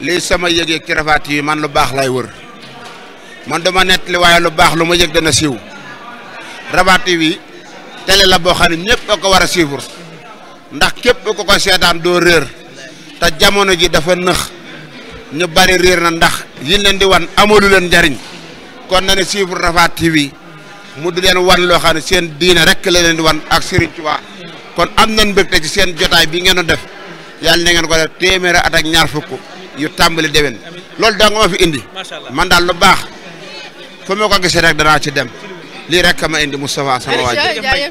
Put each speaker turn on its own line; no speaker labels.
lii sama yëg-yëg ci rafaat yi man lu baax lay wër man dama nettali waaye lu baax lu ma yëg dana siiw rafaat yi télé la boo xam ne ñëpp a ko war a suivre ndax képp ko ko seetaan doo réer te jamono ji dafa nëx ñu bari réer na ndax yi leen di wan amalu leen njariñ kon na ne suivre Rafah TV mu di leen wan loo xam ne seen diine rek la leen di wan ak Serigne Touba kon am nañ mbégte ci seen jotaay bi ngeen def yàlla na ngeen ko def téeméeri at ak ñaar fukk yu tàmbali déwén loolu daa nga ma fi indi man daal lu baax fu ma ko gisee rek danaa ci dem lii rek ma indi Moustapha sama
waaj